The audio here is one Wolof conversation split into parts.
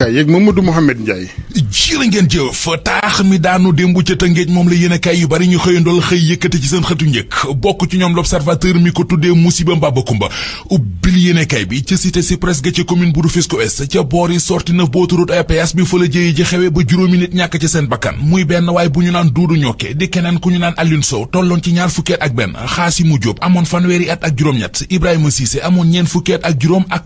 Kaay yeeg Mamadou Mouhamed Ndiaye jërë ngeen jëf taax mi daanu démb ca tëngeej moom la yéenekaay yu bari ñu xëyandool xëy yëkkate ci seen xëtu njëkk bokk ci ñoom l'observateur mi ko tuddee musiba mbaba kumba ubbil yéenekaay bi ca cité si presse ga ca bu Rufisque Ouest ca boor yi sorti neuf bu autoroute bi fa la jëye ji xewe ba juróomi nit ñàkk ci seen bakkan muy benn waaye bu ñu naan duudu ñokke di keneen ku ñu naan Alioune Sow tolloon ci ñaar fukkeet ak benn Xaasimu Jóob amoon fanweeri at ak juróom-ñett Ibrahima Cissé amoon ñeent fukkeet ak juróom ak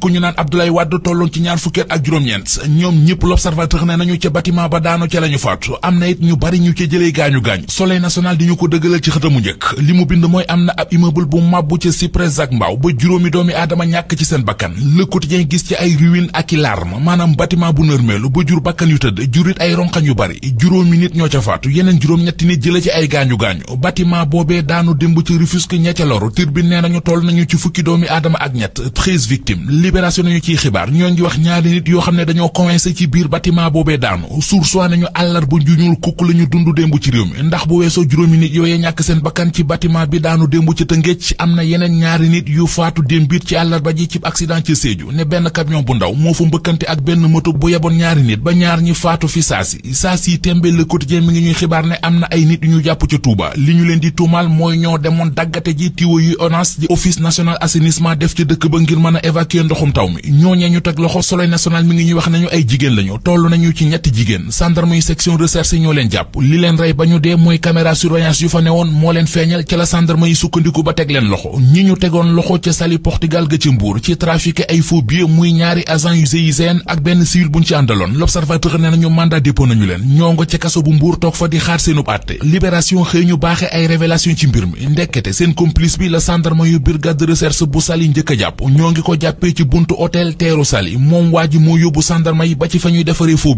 événement ba daanu ca la ñu faatu am na it ñu bari ñu ca jëlee gaañu gaañ soleil national di ñu ko dëggalal ci xëtamu njëkk li bind mooy am na ab immeuble bu màbbu ca Cyprès ak ba juróomi doomi aadama ñàkk ci seen bakkan Le Quotidien gis ci ay ruine ak i larme maanaam bâtiment bu nërmeelu ba jur bakkan yu tëdd jurit ay ronqañ yu bari juróomi nit ñoo ca faatu yeneen juróom-ñetti nit jële ci ay gaañu gaañu bâtiment boobee daanu démb ci Rufisque ña ca loru Tribune nee nañu toll nañu ci fukki doomi aadama ak ñett treize victimes libération ñoo wax ñaari yoo xam ne dañoo coincé ci biir bâtiment boobee daanu sursoi nañu àllarba ju ñuul kukk la ñu dund démb ci réew mi ndax bu weesoo juróomi nit yooye ñàkk seen bakkan ci bâtiment bi daanu démb ci Tëngéej am na yeneen ñaari nit yu faatu démb it ci àllarba ji ci accident ci Sédhiou ne benn ñoom bu ndaw moo fa mbëkkante ak benn moto bu yeboon ñaari nit ba ñaar ñi faatu fi saasi saasi tembe le quotidien mi ngi ñuy xibaar ne am na ay nit yu ñu jàpp ca Touba li ñu leen di tuumal mooy ñoo demoon daggate ji tiwo yu ONAS di office national assainissement ci dëkk ba ngir mën a évacuer ndoxum taw mi ñooñee ñu teg loxo Soleil national mi ngi ñuy wax nañu ay jigéen lañu tollu nañu ci ñetti jigéen jigéen sandarme yi section recherche yi ñoo leen jàpp li leen rey ba ñu dee mooy caméra surveillance yu fa newoon moo leen feeñal ca la sandarme yi sukkandiku ba teg leen loxo ñi ñu tegoon loxo ca sali Portugal ga ci Mbour ci trafiqué ay faux muy ñaari agent yu GIGN ak benn civil buñ ci àndaloon l'observateur nee nañu mandat dépôt nañu leen ñoo ngo ca kaso bu Mbour toog fa di xaar seenub àtte libération xëy ñu baaxe ay révélation ci mbir mi ndekkete seen complice bi la sandarme yu brigade de recherche bu sali njëkk a ñoo ngi ko jàppee ci buntu hôtel teeru sali moom waa ji moo yóbbu yi ba ci fa ñuy defaree faux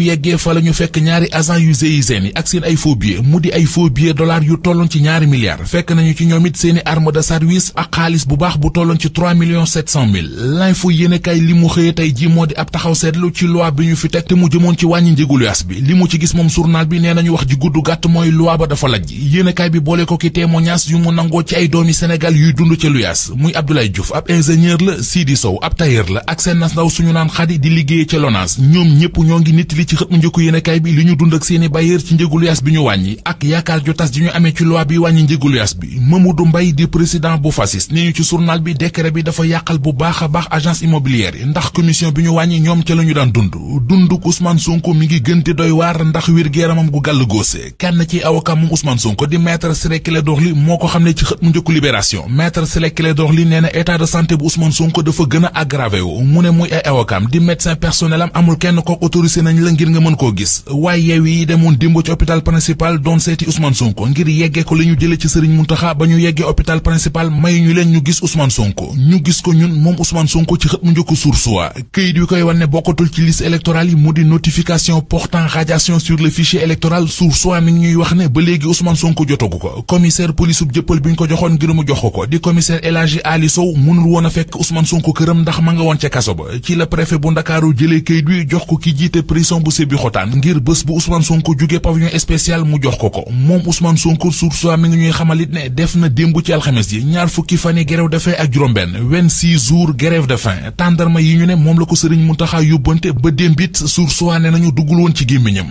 ñu yeggee fa la ñu fekk ñaari agent yu GIGN yi ak seen ay faux billets mu di ay faux billets dollars yu tolloon ci ñaari milliards fekk nañu ci ñoom it seeni arme de service yéenekaay li mu xëyee tey ji moo di ab taxaw seetlu ci loi bi ñu fi teg te mu jëmoon ci wàññi njëgu luyaas bi li mu ci gis moom journal bi nee nañu wax ji gudd gàtt mooy loi ba dafa laj yéenekaay bi boole ko ki témoignage yu mu nangoo ci ay doomi Sénégal yuy dund ca luyaas muy Abdoulaye Diouf ab ingénieur la Sidi Sow ab tailleur la ak seen nas ndaw suñu naan xadi di liggéeye ca LONASE ñoom ñëpp ñoo ngi nit li ci xët mu njëkku yéenekaay bi li ñu dund ak seeni bailleur ci njëgu luyaas bi ñu wàññi ak yaakaar ju tas ji ñu amee ci loi bi wàññi njëgu luyaas bi Mamadou Mbaye di président bu FASIS nee ñu ci journal bi décret bi dafa yàqal bu baax a baax agence immobilière yi ndax commission bi ñu wàññi ñoom ca la ñu daan dund dund Ousmane Sonko mi ngi gën di doy waar ndax wér-gu-yaramam gu gàll góose kenn ci avocat moom Ousmane Sonko di maître Ciré Clédor Ly moo ko xam ne ci xët mu njëkku libération nee na état de santé bu Ousmane Sonko dafa gën am amul kenn ko autorisé nañ la ngir nga mën koo gis waaye yeewi yi demoon démb ci hôpital principal doon seeti Ousmane Sonko ngir yeggee ko li ñu jëlee ci Serigne Mountakha ba ñu yeggee hôpital principal may ñu leen ñu gis Ousmane Sonko ñu gis ko ñun moom Ousmane Sonko ci xët mu njëkk source këyit wi koy wanne bokkatul ci liste électorale yi mu di notification portant radiation sur le fichier électoral source wa mi ngi ñuy wax ne ba léegi Ousmane Sonko jotogu ko commissaire police bu jëppal bi ñu ko joxoon ngir mu jox ko di commissaire ma nga woon bu sebi xotaan ngir bés bu Ousmane Sonko jóge pavillon spécial mu jox ko ko moom Ousmane Sonko sursoi mi ngi ñuy xamalit ne def na démb ci alxames ji ñaar fukki fani grève de faim ak juróom-benn 26 jours grève de faim tàndarma yi ñu ne moom la ko sëriñ Muntaxa yóbbante ba démb it sursoi ne nañu duggul woon ci gémmiñam